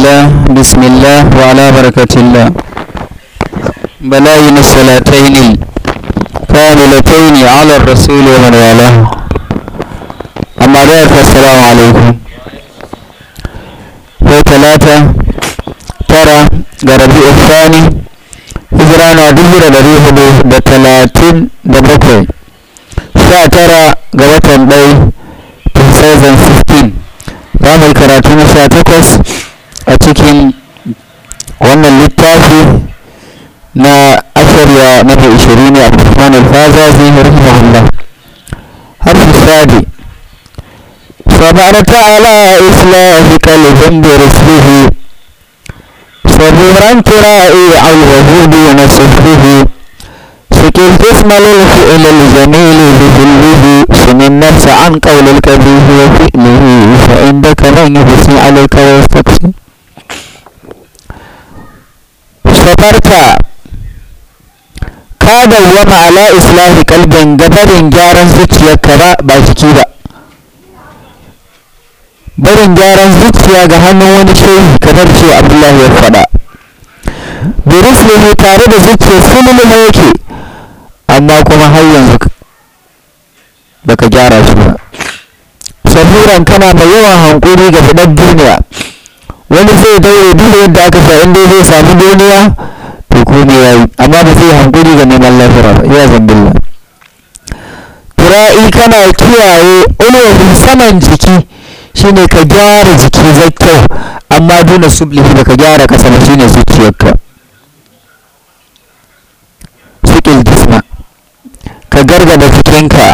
lillah bismillah wa ala barakatillah balayin salatayni kamilatayni ala rasul wa man wala amma da assalamu alaikum ko talata tara ga rabi ufani hijira na dubura da ruhu da talatin da bakwai sha tara ga watan dai 2016 ramar karatu na sha takwas a للتافي wannan أثر يا نبي إشريني عبد الرحمن a زيه رحمه الله حرف الثاني صبرت على إصلاحك لذنب رسله صبورا كرائي على دون ونصفه سكلت اسم للفعل الجميل بذله سن النفس عن قول الكبير وفعله فعندك من يحسن عليك ويستقصي samarta ka dawwama ala islahi kalbin gabarin gyaran zuciyarka ba ba jiki ba barin gyaran zuciya ga hannun wani shehu kamar ce abdullahi ya faɗa biruslihi tare da zuciya sulmula yake amma kuma har yanzu baka gyara shi ba sahuran kana mai yawan hankuri ga fidan duniya wani sai daure duk yadda aka sa inda zai samu duniya to ko ya yayi amma ba zai hankuri ga neman lafiya ba ya zambilla tura'i kana kiyaye ulwafin saman jiki shine ka gyara jiki zakka amma duna sublihi da ka gyara kasa ba shine zuciyarka sikil jisma ka gargada jikinka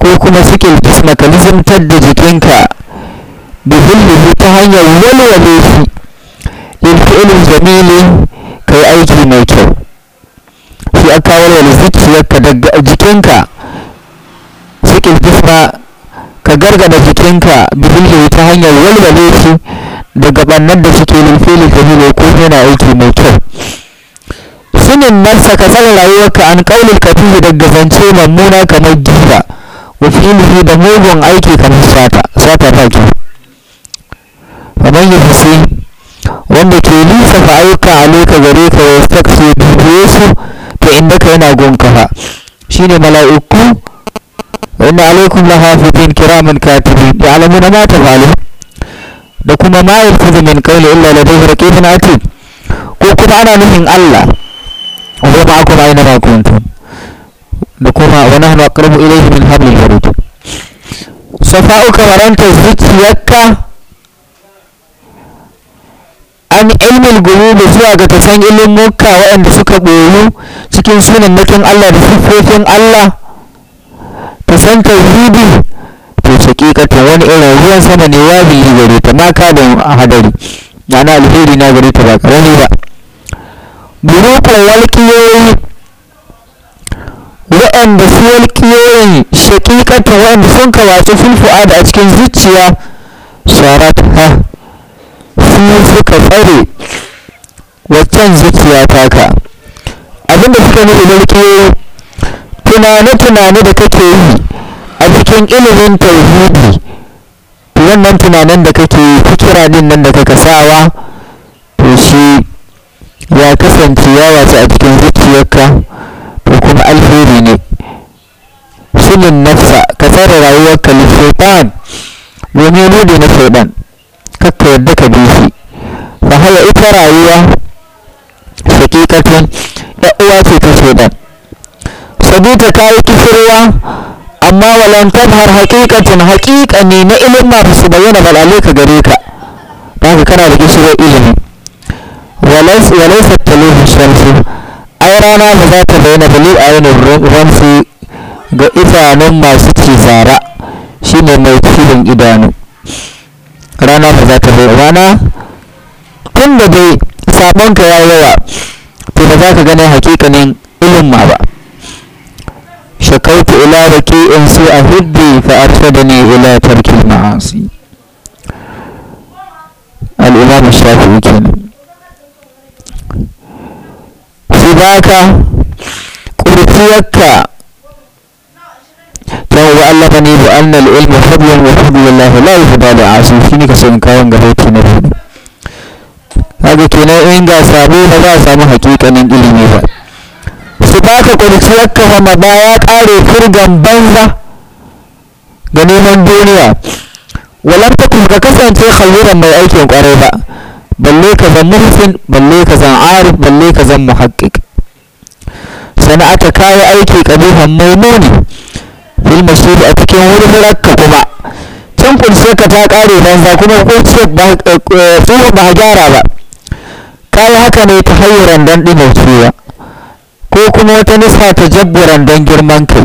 ko kuma sikil jisma ka nisantar da jikinka bihillihi ta hanyar walwale shi lil fi'lin jamili kai aiki mai kyau shi aka walwale zuciyarka daga jikinka sikil jisra ka gargada jikinka bihillihi ta hanyar walwale shi daga bannan da suke lil fi'lin ko yana aiki mai kyau sinin nafsa ka tsara rayuwarka an kaulil kafihi daga zance mummuna kamar giba wa fi'lihi da mugun aiki kamar sata sata ta ومن يفسي وانا تيليسا فأيكا عليك غريكا ويستكسي بيسو كإنك إنا جنكها شيني ملايكو وإن عليكم لحافظين كراما كاتبين يعلمون ما تفعلون دكما ما يرفض من قول إلا لديه ركيب عتيب كوكب أنا نهن الله وهو معكم أينما كنتم دكما ونحن أقرب إليه من حبل الورود صفاؤك ورنت زدت يكا an ilmin gurube zuwa ga tasan ilimmuka waɗanda suka ɓoyu cikin sunan sunannakin Allah da siffofin Allah ta tasan tauhidi to hakikatin wani irin ruwan sama ne wabili gare ta ma da hadari na alheri na gare ta ba karami ba burukun walƙiyoyi waɗanda su walƙiyoyin shakikatan waɗanda sun kawace fulfu'a da a cikin zuciya sharat ha ka tsare waccan zuciya taka abinda suka nufi mulki tunane-tunane da kake yi a cikin ilimin tauhidi wannan tunanen da kake yi fikira din nan da kaka sawa to shi ya kasance ya wace a cikin zuciyarka to kuma alheri ne shinin nafsa ka tsare rayuwarka lishaitan domin rudi na shaidan kakka yadda ka bi wahala ita rayuwa hakikatun ya uwa ce ta shaidan sabita ta yi kishirwa amma walan har hakikacin hakika ne na ilin ba su bayyana ba ka gare ka ba ka kana da kishirwar ilimi walaisa taluhu shamsu ai rana ba za ta bayyana bali a yanar ramsi ga idanun masu cizara shine mai cizon idanu rana ba za ta bayyana tun da dai sabonka ya yi yawa to ba za ka gane hakikanin ilimma ba shakautu ila raki'in su a hibbi fa arshadani ila tarkil ma'asi al-imam shafi'i kenan su baka kurciyarka ta wa Allah ne bu annal ilmu fadlan wa fadlan Allah la yufdalu asu shine ka son kawon gaba ta na biyu kaga kenan in gasa ne ba za a samu hakikanin ilimi ba su baka kwanciyarka fama ba ya kare furgan banza ga neman duniya walam takun ka kasance khayran mai aikin kwarai ba balle ka zan muhsin balle ka zan arif balle ka zan muhaqqiq sana'ata kayi aiki qabihan maimuni fil masjid a cikin wurin wurfurakka kuma tun kun ka ta kare banza kuma ko ce ba eh, ba gyara ba kayi haka ne ta hayyuran don ɗimaucewa ko kuma wata nisa ta jabburan don girman kai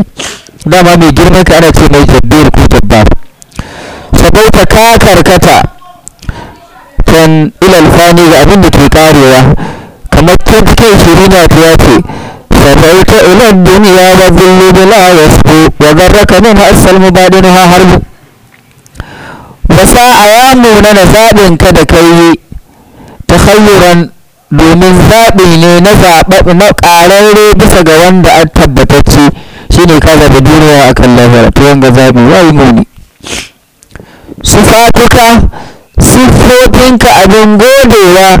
dama mai girman kai ana ce mai jabbir ko jabbar sabaita ka karkata tun ilal fani ga abin da ke karewa kamar tun cikin shirina ta ya ce sabaita ilal duniya wa zullu bila wasu wa garraka min asal mubadin ha harbu wasa a ya nuna na zaɓin ka da kai ta hayyuran domin zaɓi ne na ƙararre bisa ga wanda an tabbatacce shi ne ka zaɓi duniya a kan lahira ta yanga zaɓi ya yi muni sufatuka siffofinka abin godewa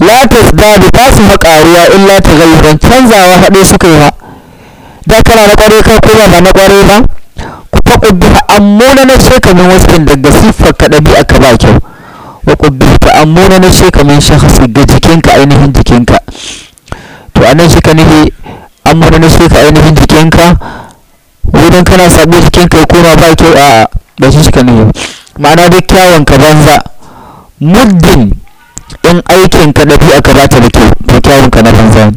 la tasdadu ba su illa ta galiban canzawa haɗe suka yi ba da kana na ƙware ka kuma ba na ƙware ba ku duka amma na na shekamin wasu daga siffar ka ɗabi'a ka ba kyau wa qubbi amma na nace kamar shakhsi ga jikinka ainihin jikinka to anan shi ka nufi amma na ce ka ainihin jikinka wurin kana sabo jikinka ya koma ba kyau a ba shi shi ka nufi ma'ana duk kyawun ka banza muddin in aikin ka ɗabi'a ka ba ta da kyau to kyawun ka na banza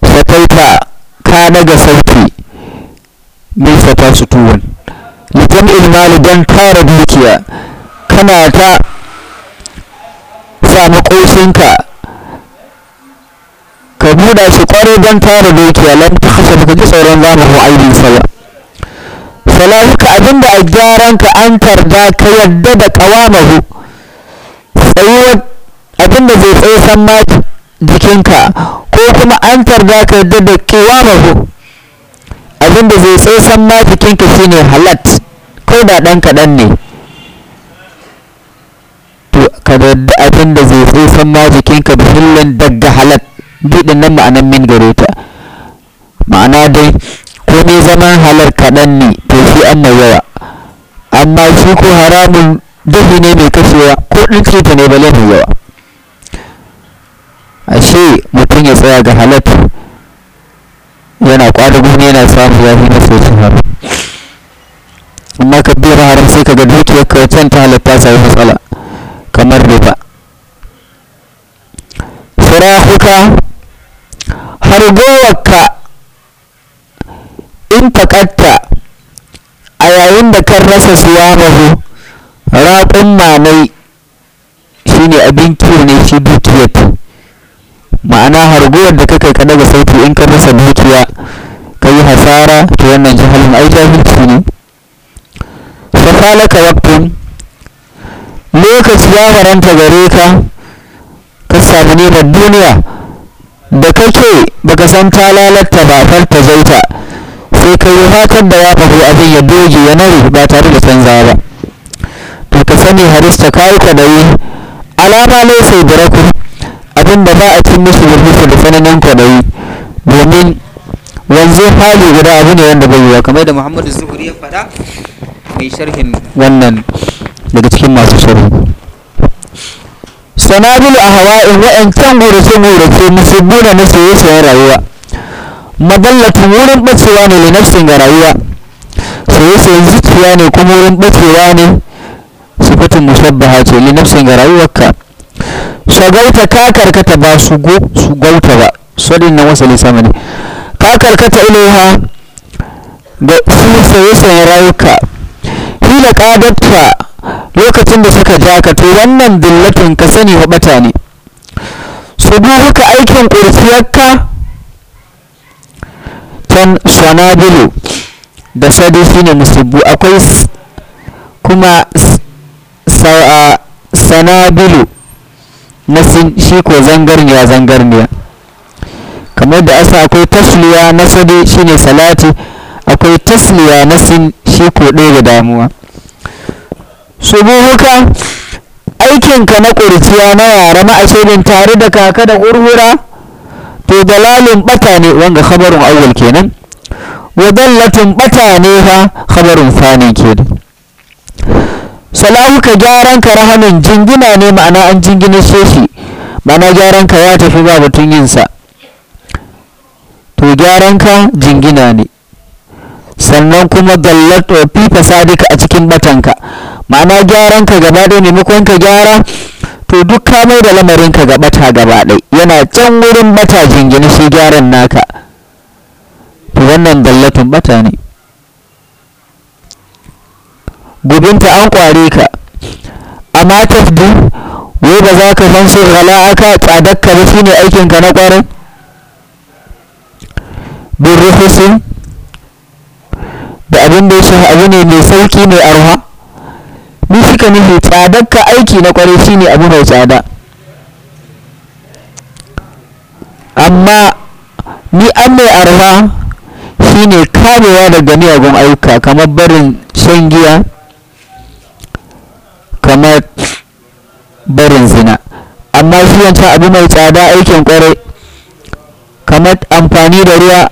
sakaita ka daga sauti nesa ta su tuwon jam'il mali don tara dukiya kana ta samu ƙoshinka ka buɗa shi ƙwarai don tara dukiya lan ta hasa baka ji tsoron zamu hu aibin sa salahuka abinda a gyaran ka an tarda ka yadda da kawamahu tsayuwar abinda zai tsaye san ma jikinka ko kuma an tarda ka yadda da kiwamahu abin da zai tsotsan ma jikinka shine halat ko da ɗan kaɗan ne to ka da abin da zai tsotsan ma jikinka da hillan daga halat buɗin nan ma'anan min gare ta ma'ana dai ko ne zama halar kaɗan ne to shi an mai yawa amma shi ko haramun duhu ne mai kashewa ko ɗin ta ne ba mai yawa ashe mutum ya tsaya ga halat wani ya na sai shahara amma ka bera haram sai ka ga dukiyar ka can ta halatta sai matsala kamar ba sarahuka har gowarka in fakatta a yayin da kan rasa mahu raƙun mamai shine abin kiwo ne shi dukiyar ma'ana harguwar da kakai kada daga sauti in ka rasa dukiya wannan jahalin ai jahilci ne fa fafalaka waqtun lokaci ya faranta gare ka ka samu da duniya da kake baka san ta lalata ba farta zaita sai ka yi hakan da ya faru abin ya doge ya nare ba tare da canza ba to ka sani harista kayi kwaɗayi alama ne sai da abin da ba a cin musu da musu da tsananin kwaɗayi domin wanzu hali guda abu ne wanda bai yiwa kamar da muhammadu zuhuri ya faɗa mai sharhin wannan daga cikin masu sharhu sanabil ahawa'in wa'ancan horace-horace musulmi da na saye-sayen rayuwa maballatun wurin ɓacewa ne linafsin ga rayuwa saye-sayen zuciya ne kuma wurin ɓacewa ne sifatin mushabbaha ce linafsin ga rayuwarka Shagauta ka karkata ba su gauta ba sadin na wasa lisa ne ka karkata ilaiha da su saye-sayen rayuka hila ƙadatta lokacin da suka ja ka to wannan dillatin ka sani bata ne su duka aikin ƙurciyarka can sanabilu da sadisi ne musubu akwai kuma sanabilu na shi ko zangarniya zangarniya kamar da asa akwai tasliya na sade shine salati akwai tasliya na sin shi ko ɗaya da damuwa subuhuka aikinka na ƙurciya na yara ma'ashirin tare da kaka da ƙurhura to dalalin ɓata ne wanga khabarun awwal kenan wa dallatin ɓata ne fa khabarun fani kenan ka gyaran ka rahamin jingina ne ma'ana an jingina shi ma'ana gyaran ka ya tafi ba batun yinsa to gyaranka jingina ne sannan kuma dallar fi fasadika a cikin batanka ma'ana gyaranka gaba ɗaya maimakon ka gyara to duk ka mai da lamarinka ga bata gaba ɗaya yana can wurin bata jingina shi gyaran naka to wannan dallatun bata ne gubinta an kware ka amma tafdi wai ba za ka fansu gala'aka ka ba shine aikinka na kwarai bin ruhusin da abin da ya shafi abu ne mai sauki mai arha ni suka nufi tsadakka aiki na kwarai ne abu mai tsada amma ni an mai arha shi ne kamewa daga miyagun ayyuka kamar barin shan giya kamar barin zina amma shi yanta abu mai tsada aikin kwarai kamar amfani da ruwa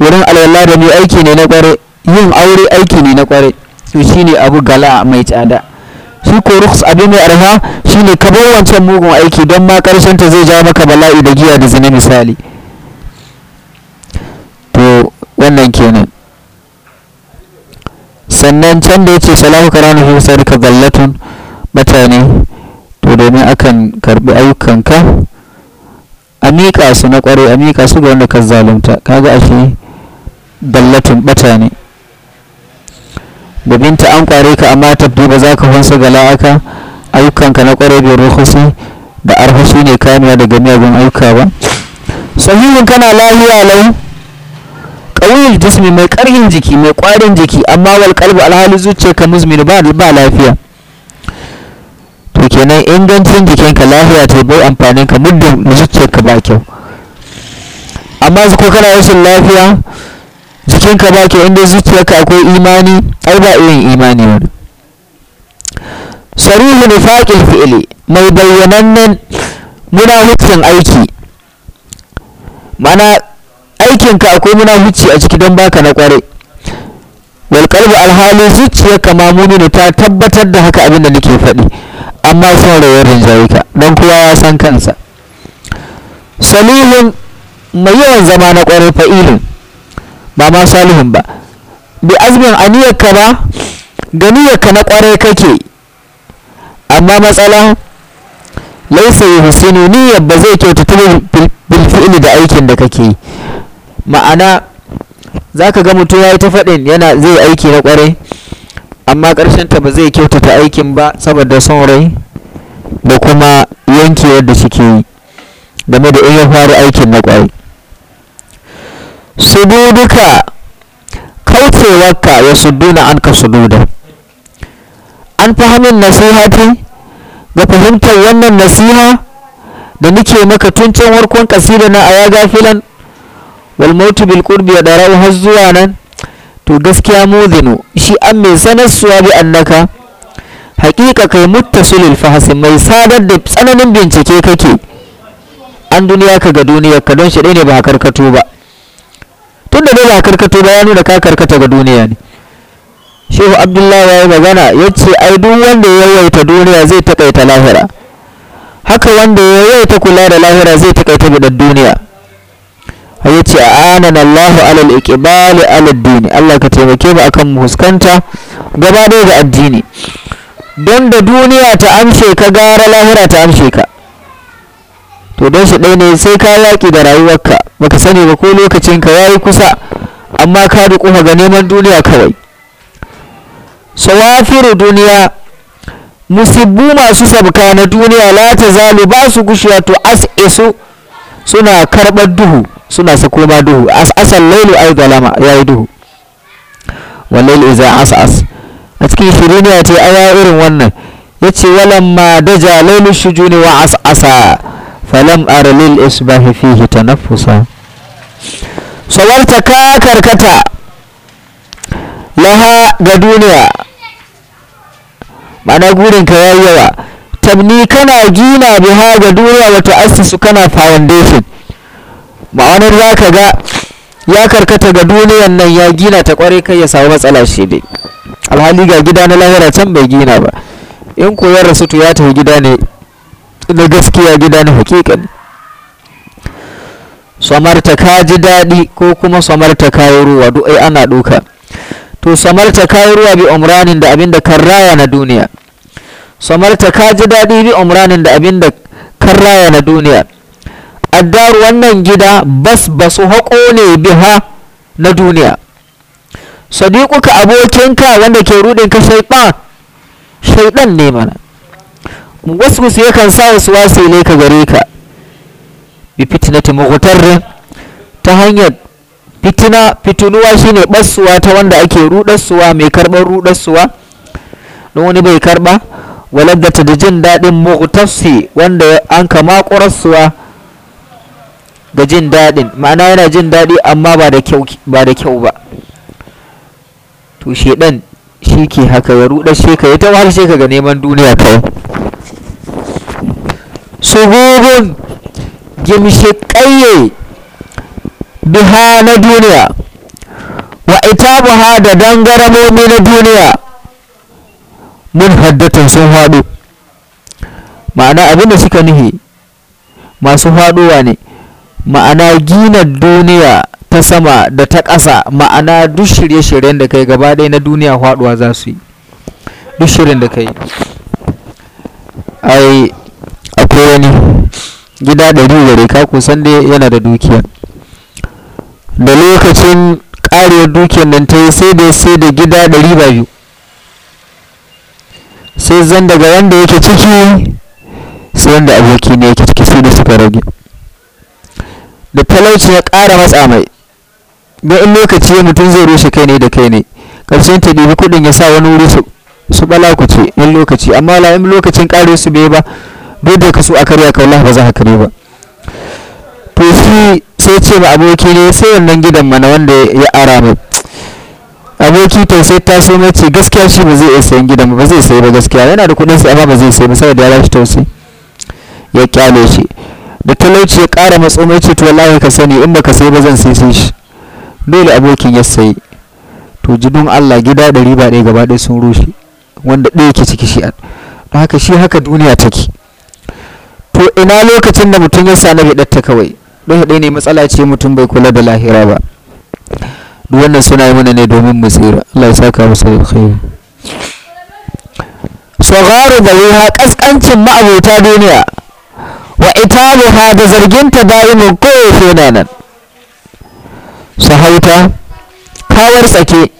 wurin alwala da mai aiki ne na kware yin aure aiki ne na kware to shine abu gala mai tsada shi ko rukhs abu mai arha shine ka bar wancan mugun aiki don ma karshen ta zai ja maka bala'i da giya da zina misali to wannan kenan sannan can da yace salahu karanu fi sarka zallatun mutane to domin akan karbi ayyukanka a miƙa su na ƙware a miƙa su ga wanda ka zalunta kaga ashe Ballatin bata ne babinta an kware ka amma tabbi ba za ka hunsa gala'aka ayyukanka na kware bai rukusi da arhusu ne kamewa daga miyagun ayyuka ba sahihin kana lahiya lau ƙauyin jismi mai karhin jiki mai ƙwarin jiki amma wal kalbu alhali zuciya ka muzmin ba ba lafiya to kenan ingancin jikinka lafiya ta bai amfanin ka muddin zuciyarka ba kyau amma ko kana rashin lafiya jikinka ba ke inda zuciyarka akwai imani ai ba irin imani wani sarihu nifaqil fi'li mai bayyanannen munafikin aiki mana aikinka akwai munafici a ciki don baka na kwarai wal qalbu alhali zuciyarka ne ta tabbatar da haka abin da nake faɗi amma son rayuwar ka don kowa ya san kansa salihun mai yawan zama na kwarai fa'ilin ba ma salihun ba bi azmin aniyarka ba ganiyarka na kwarai kake amma matsala laisa yi husinu niyyar ba zai kyautata bilfi'ili da aikin da kake yi ma'ana za ka ga mutum ya yi ta faɗin yana zai aiki na kwarai amma ƙarshen ta ba zai kyautata aikin ba saboda son rai da kuma yankewar da suke yi game da in ya fara aikin na kwarai sududuka kaucewarka ya suduna an ka sududa an fahimin nasihati ga fahimtar wannan nasiha da nake maka tun can warkon kasida na aya gafilan wal mautu bil qurbi ya darau har zuwa nan to gaskiya muzinu shi an mai sanar suwa bi annaka haƙiƙa kai muttasilil fahasi mai sadar da tsananin bincike kake an duniya ka ga duniyar ka don shi ɗaya ne ba karkato ba tun da ba karkato ba ya nuna ka karkata ga duniya ne shehu abdullahi ya yi magana ya ce ai duk wanda ya yawaita duniya zai takaita lahira haka wanda ya yauta kula da lahira zai takaita bidar duniya ya ce a anan allahu alal ikibali alal dini allah ka taimake mu akan muskanta gaba gaba ga addini don da duniya ta amshe ka gara lahira ta amshe ka to don shi ɗaya ne sai ka yaƙi da rayuwarka baka sani ba ko lokacinka ya yi kusa amma ka kuma ga neman duniya kawai sawafiru duniya musibbu masu sabka na duniya la ta zalu ba su gushiya to as isu suna karɓar duhu suna sako ma duhu as asal lailu ai zalama ya yi duhu wallahi iza as as a cikin shiriniya ce aya irin wannan yace walamma daja lailu shujuni wa as asa falam ara lil isbahi fihi tanaffusa sawarta ka karkata laha ga duniya ma'ana gurinka ya yi yawa tabni kana gina biha ga duniya wata asisu kana foundation ma'anar za ka ga ya karkata ga duniyan nan ya gina ta kwarai kai ya samu matsala shi dai alhali ga gida na lahira can bai gina ba in koyar rasu to ya tafi gida ne na gaskiya gida na hakikani samarta ka ji daɗi ko kuma samarta kayi ruwa duk ai ana ɗoka to samarta kayi ruwa bi umranin da abin da kan raya na duniya samarta ka ji daɗi bi umranin da abin da kan raya na duniya addar wannan gida bas basu haƙo ne biha na duniya sadiquka abokinka wanda ke rudin ka shaiɗan shaiɗan ne mana wasu yakan sa wasu wasi ne ka gare ka bi fitnati ta hanyar fitina fitunuwa shine basuwa ta wanda ake rudarsuwa mai karban rudarsuwa don wani bai karba waladdata da jin daɗin mughtassi wanda an kama ƙurarsuwa da jin daɗin ma'ana yana jin daɗi amma ba da kyau ba da kyau ba to shi ke haka ya rudar shi ka yi ta wahal shi ka ga neman duniya kawai suburin gimshiƙayye biha na duniya wa itabuha da dangaramomi na duniya mun haddatan sun haɗu ma'ana abinda suka nihi masu haɗuwa ne ma'ana gina duniya ta sama da ta ƙasa ma'ana duk shirye-shiryen da kai gaba ɗaya na duniya haɗuwa za su yi duk shirin da kai ai akwai wani gida ɗari gare ka kusan dai yana da dukiya da lokacin ƙarewar dukiyar nan ta yi sai da sai da gida ɗari ba biyu sai zan daga wanda yake ciki sai wanda aboki ne yake ciki sai da suka rage da talauci ya ƙara matsa mai da in lokaci ya mutum zai rushe kai ne da kai ne ƙarshen ta ɗibi kuɗin ya sa wani wuri su ɓala ku ce in lokaci amma la lokacin ƙare su bai ba duk ka so a karya ka wallahi ba za ka kare ba to shi sai ce ma aboki ne sai wannan gidan mana wanda ya ara mu aboki to sai ta so mace gaskiya shi ba zai iya sayan gidan ba zai sayi ba gaskiya yana da kuɗin sai amma ba zai sayi ba saboda ya rashi tausayi ya kyale shi da talauci ya ƙara matso mai ce to wallahi ka sani in ka sayi ba zan sai sai shi dole abokin ya sayi to jidun Allah gida ɗari ba ɗaya gaba ɗaya sun rushe wanda ɗaya ke ciki shi haka shi haka duniya take to ina lokacin da mutum ya sa na bidatta kawai don haɗe ne matsala ce mutum bai kula da lahira ba duk wannan suna yi mana ne domin mu tsira Allah ya saka musu da alkhairi sagaru zawiha kaskancin ma'abota duniya wa ha da zarginta da'imin kowace na nan sahauta kawar tsake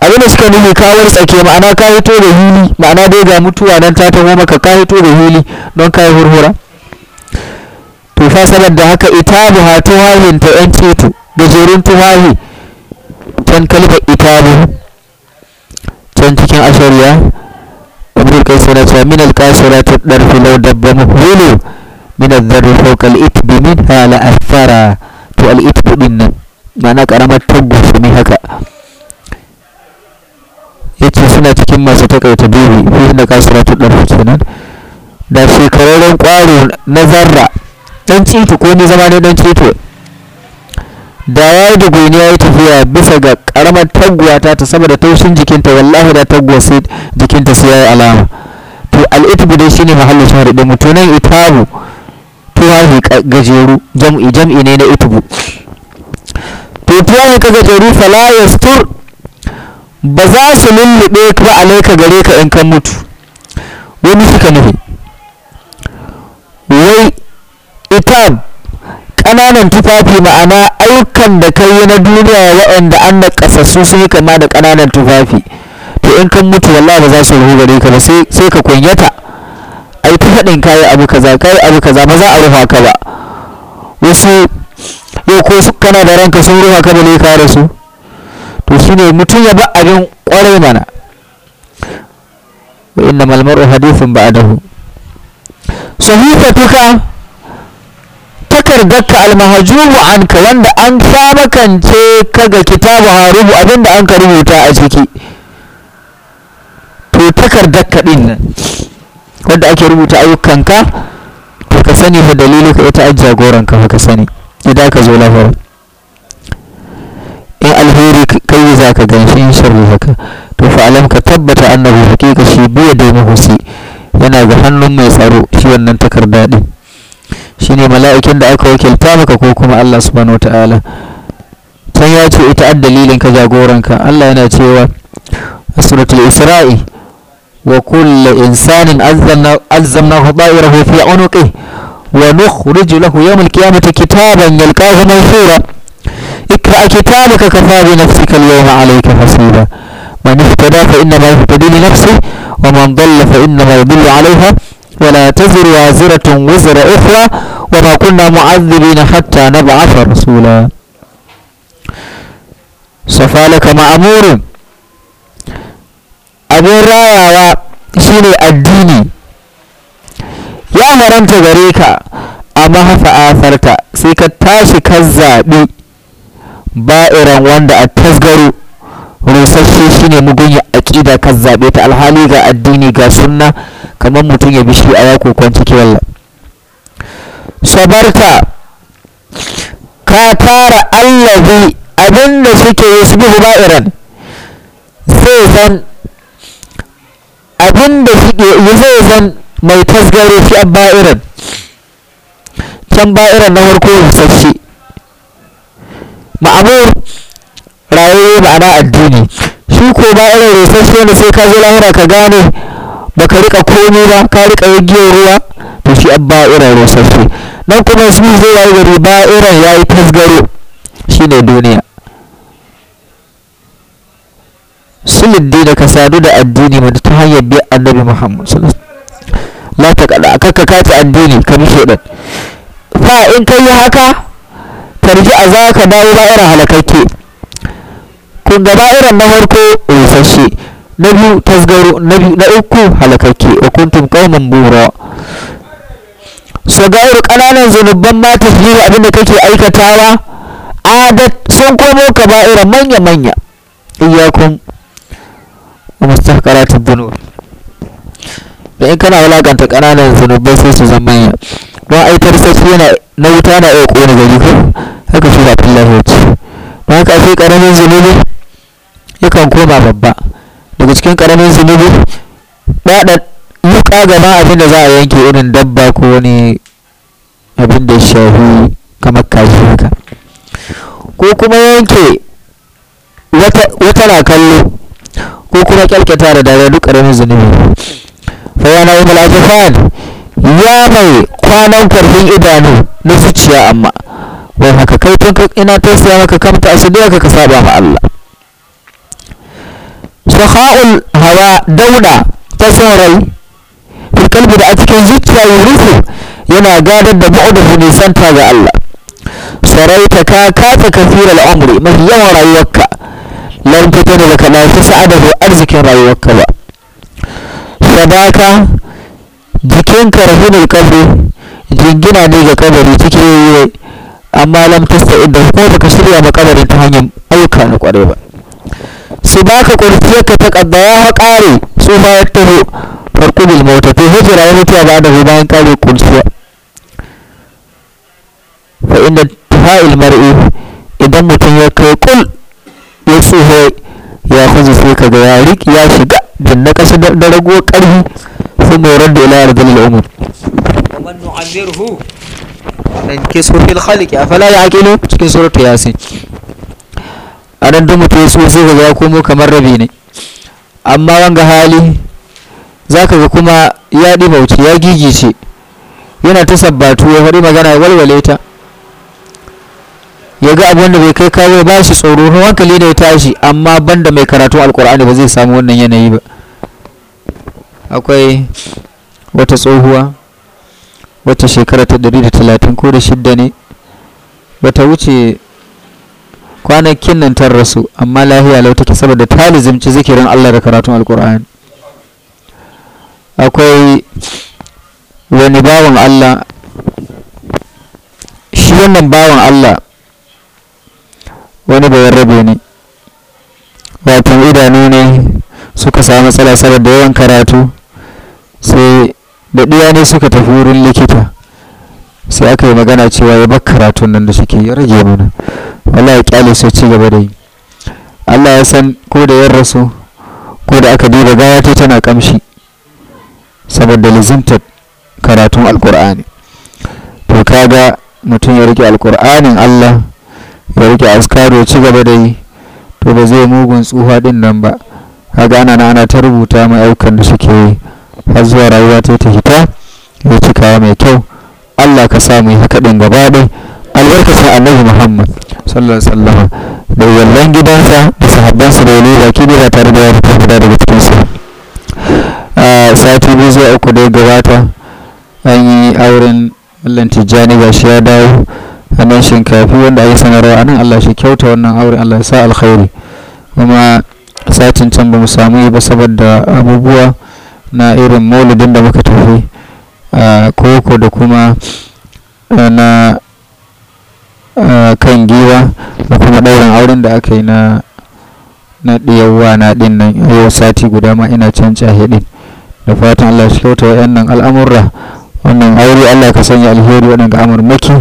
abinda suka nufi kawar tsake ma'ana ka hito da hili ma'ana dai ga mutuwa nan ta taho maka ka hito da hili don ka yi hurhura to fasalar da haka bu ha tuhahin ta yan ceto ta tuhahi can kalba bu can cikin ashariya abdul sai na cewa min alkasira ta darfi lau dabba muhulu min azzarri fawqa al-itbi min hala athara to al-itbu din nan ma'ana karamar tabbas ne haka yace suna cikin masu takaita bibi fi na kasiratu darf kenan da shekararren kwaro na zarra dan cito ko ne zama ne dan cito da ya yi duguni ya yi tafiya bisa ga karamar taguwa ta ta saboda taushin jikinta wallahi da taguwa sai jikinta sai ya yi alama to al'itubu dai shine mahallin shahari da mutunan itabu tuwahi gajeru jam'i jam'i ne na itubu to tuwahi ka gajeru fala yastur ba za su lullube ba alaika gare ka in kan mutu wani suka nufi wai itab ƙananan tufafi ma'ana ayyukan da ka yi na duniya waɗanda an na ƙasassu sun yi kama da ƙananan tufafi to in kan mutu wallahi ba za su ruhu gare ka ba sai ka kunyata ai ta faɗin kayi abu kaza kayi abu kaza ba za a rufa ka ba wasu yau ko kana da ranka sun rufa ka ba ne ka rasu to shine mutum ya ba abin kwarai mana wa inna malmaru hadithun ba'dahu sahifatuka takardarka an anka wanda an samakance kaga kitabu harubu abinda an ka rubuta a ciki to takardarka din nan wanda ake rubuta ayyukanka to ka sani fa dalilin ka ita ajjagoranka fa ka sani idan ka zo lahira za ka gan shi sharri haka to fa'alam ka tabbata annahu hakika shi biya da mahusi yana ga hannun mai tsaro shi wannan takarda din shine mala'ikin da aka wakilta maka ko kuma Allah subhanahu wataala can ya ce ita dalilin ka jagoranka Allah yana cewa a suratul isra'i wa kullu insanin azzamnahu da'irahu fi unuqi wa nukhriju lahu yawm al-qiyamati kitaban yalqahu manshura اقرأ كتابك كفى بنفسك اليوم عليك حسيبا من اهتدى فإنما يهتدي لنفسه ومن ضل فإنما يضل عليها ولا تزر وازرة وزر أخرى وما كنا معذبين حتى نبعث رسولا صفالك مأمور أبو رايا shine addini ya haranta gare ka amma hafa asarta ba'iran wanda a tasgaro rusasshe shine ya aƙida kan zaɓe ta alhali ga addini ga sunna kamar mutum ya bishi a yako kwanci ki wallah sabarta ka tara allazi abinda suke yusbihu ba'iran zai zan abinda suke zai zan mai tasgaro fi ba'iran can ba'iran na farko rusasshe ma'amur rayayye ma'ana addini shi ko ba irin rusasshe ne sai ka zo lahira ka gane ba ka rika komai ba ka rika yagiyar ruwa to shi abba ba irin rusasshe nan kuma su zai yi gari ba irin yayi tasgaro shi ne duniya dai da ka sadu da addini wanda ta hanyar biyan annabi muhammad sallallahu alaihi wasallam la ta kada addini ka bi shedan fa in kai haka tarji a za ka dawo da'irar halakakke kun ga da'irar na farko rusasshe na biyu tasgaro na uku halakakke wa kuntum qauman bura so ga'ir ƙananan zunuban ma abin abinda kake aikatawa adat sun komo ka ba'ira manya manya iyakun a mustahqaratid dhunub da in kana wulaƙanta ƙananan zunubban sai su zama manya don ai yana na wuta na iya ƙona gari ko haka shi na fillahi ya ce don haka sai ƙaramin zunubi yakan koma babba daga cikin ƙaramin zunubi ɗaɗa muka gaba abin da za a yanke irin dabba ko wani abin da shahu kamar kaji haka ko kuma yanke wata na kallo ko kuma kyalkyata da dare duk ƙaramin zunubi fa yana yi malafifan ya mai kwanan kwarfin idanu na zuciya amma wai haka kai tun ina tausaya maka kamta a shirya ka saba ma Allah sakha'ul hawa dauna ta son rai fi kalbi da a cikin zuciya yurufu yana gadar da bu'udu nisanta ga Allah saraita ka kata kafirar al'amri mafi yawan rayuwarka lam tatana laka la fi sa'adahu arzikin rayuwarka ba sadaka jikinka rahimul kabri jingina ne ga kabari cikin yi amma lam tasta'id da kuma baka shirya ma kabarin ta hanyar ayyuka na kwarai ba su baka kurciyarka ta kadda ya kare tsufa ya taho farkubil mota to hijira ya mutuwa ba da bayan kare kurciya fa inda tafa'il mar'i idan mutum ya kai kul ya tsoho ya kuzu sai ka ga ya riƙi ya shiga da na ƙasa da rago ƙarfi ثم يرد إلى أرض العمر ومن نعمره ننكسه في الخلق أفلا يعقلون cikin suratu yasin a nan da mutum so sai ga ya komo kamar rabi ne amma wanga hali zaka ga kuma ya ɗibauci ya gigice yana ta sabbatu ya faɗi magana walwale ta ya ga abu wanda bai kai kawo ba shi tsoro hankali da ya tashi amma banda mai karatu alkur'ani ba zai samu wannan yanayi ba akwai wata tsohuwa wata shekara ta 130 ko da shidda ne bata wuce kwanakin nan ta rasu amma lahiya lau take saboda ta lizimci zikirin Allah da karatun alkur'ani akwai wani bawan Allah shi wannan bawan Allah wani bayan rabe ne wato idanu ne suka samu matsala saboda yawan karatu sai da ɗiya ne suka tafi wurin likita sai aka yi magana cewa ya bar karatun nan da suke ya rage mana Allah ya kyale su ci gaba da yi Allah ya san ko da yar rasu ko da aka duba gaya ta tana kamshi saboda lizintar karatun alkur'ani to kaga mutum ya rike alkur'anin Allah ya rike askaru ya ci gaba da yi to ba zai mugun tsuha din nan ba kaga ana ana ta rubuta mai aukan da suke yi har zuwa rayuwa ta ta hita ya cika mai kyau Allah ka sa mu yi haka din gaba ɗaya albarkacin annabi Muhammad sallallahu alaihi wasallam da wallan gidansa da sahabbansa da wani baki da tare da wani tafiya daga cikin su a sati biyu zuwa uku da gabata an yi auren wallan tijjani ga shi ya dawo a nan shinkafi wanda ake sanarwa a nan Allah shi kyauta wannan auren Allah ya sa alkhairi kuma satin can ba mu samu yi ba saboda abubuwa na irin maulidin da muka tafi a koko da kuma na kan giwa da kuma ɗaurin auren da aka yi na na na ɗin nan yau sati guda ma ina can hidin da fatan Allah shi kyauta wa nan al'amurra wannan aure Allah ka sanya alheri waɗanda amurmaki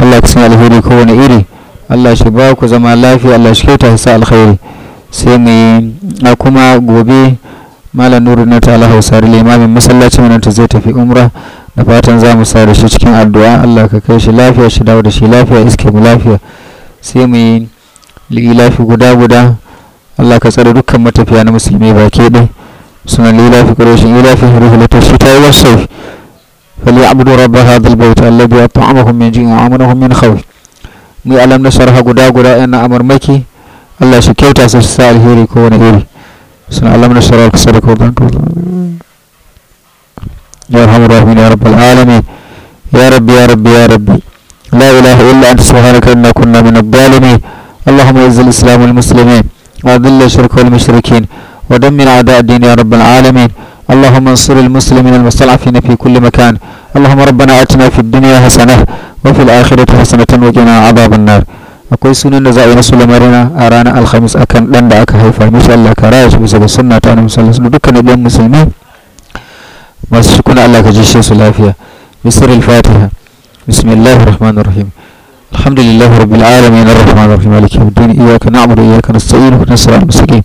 Allah ka sanya alheri kowane iri Allah shi ba ku zama lafiya Allah shi kyauta sa alkhairi sai mu kuma gobe malam nuru na ta Allah hausari limamin masallacin wannan zai tafi umra da fatan za mu sa da shi cikin addu'a Allah ka kai shi lafiya shi dawo da shi lafiya iske mu lafiya sai mu yi lilafi guda guda Allah ka tsare dukkan matafiya na musulmi baki ɗaya suna lilafi ƙarashin lilafi la tashi ta yi wasu فليعبدوا رب هذا البيت الذي أطعمهم من جوع وآمنهم min خوف mu alam na sharha guda guda ina amar maki Allah shi kyauta su sa alheri ko wani iri بسم الله من الشر يا ارحم الراحمين يا رب العالمين يا رب يا رب يا رب لا اله الا انت سبحانك انا كنا من الظالمين اللهم اعز الاسلام والمسلمين واذل الشرك والمشركين ودمر اعداء الدين يا رب العالمين اللهم انصر المسلمين المستضعفين في كل مكان اللهم ربنا اتنا في الدنيا حسنه وفي الاخره حسنه وقنا عذاب النار akwai sunan da za a yi masu lamarin a ranar alhamis akan dan da aka haifa musu Allah ka raya su bisa ga sunna ta annabi sallallahu alaihi wasallam dukkan ɗan musulmi masu shi kuna Allah ka jishe su lafiya bisir al-fatiha bismillahir rahmanir rahim alhamdulillahi rabbil alamin arrahmanir rahim maliki yawmiddin iyyaka na'budu wa iyyaka nasta'in ihdinas siratal mustaqim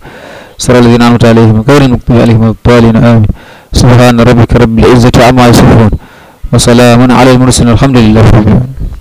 siratal ladzina an'amta alaihim ghayril maghdubi alaihim waladdallin amin subhana rabbika rabbil izzati amma yasifun wa salamun alal mursalin alhamdulillahi rabbil alamin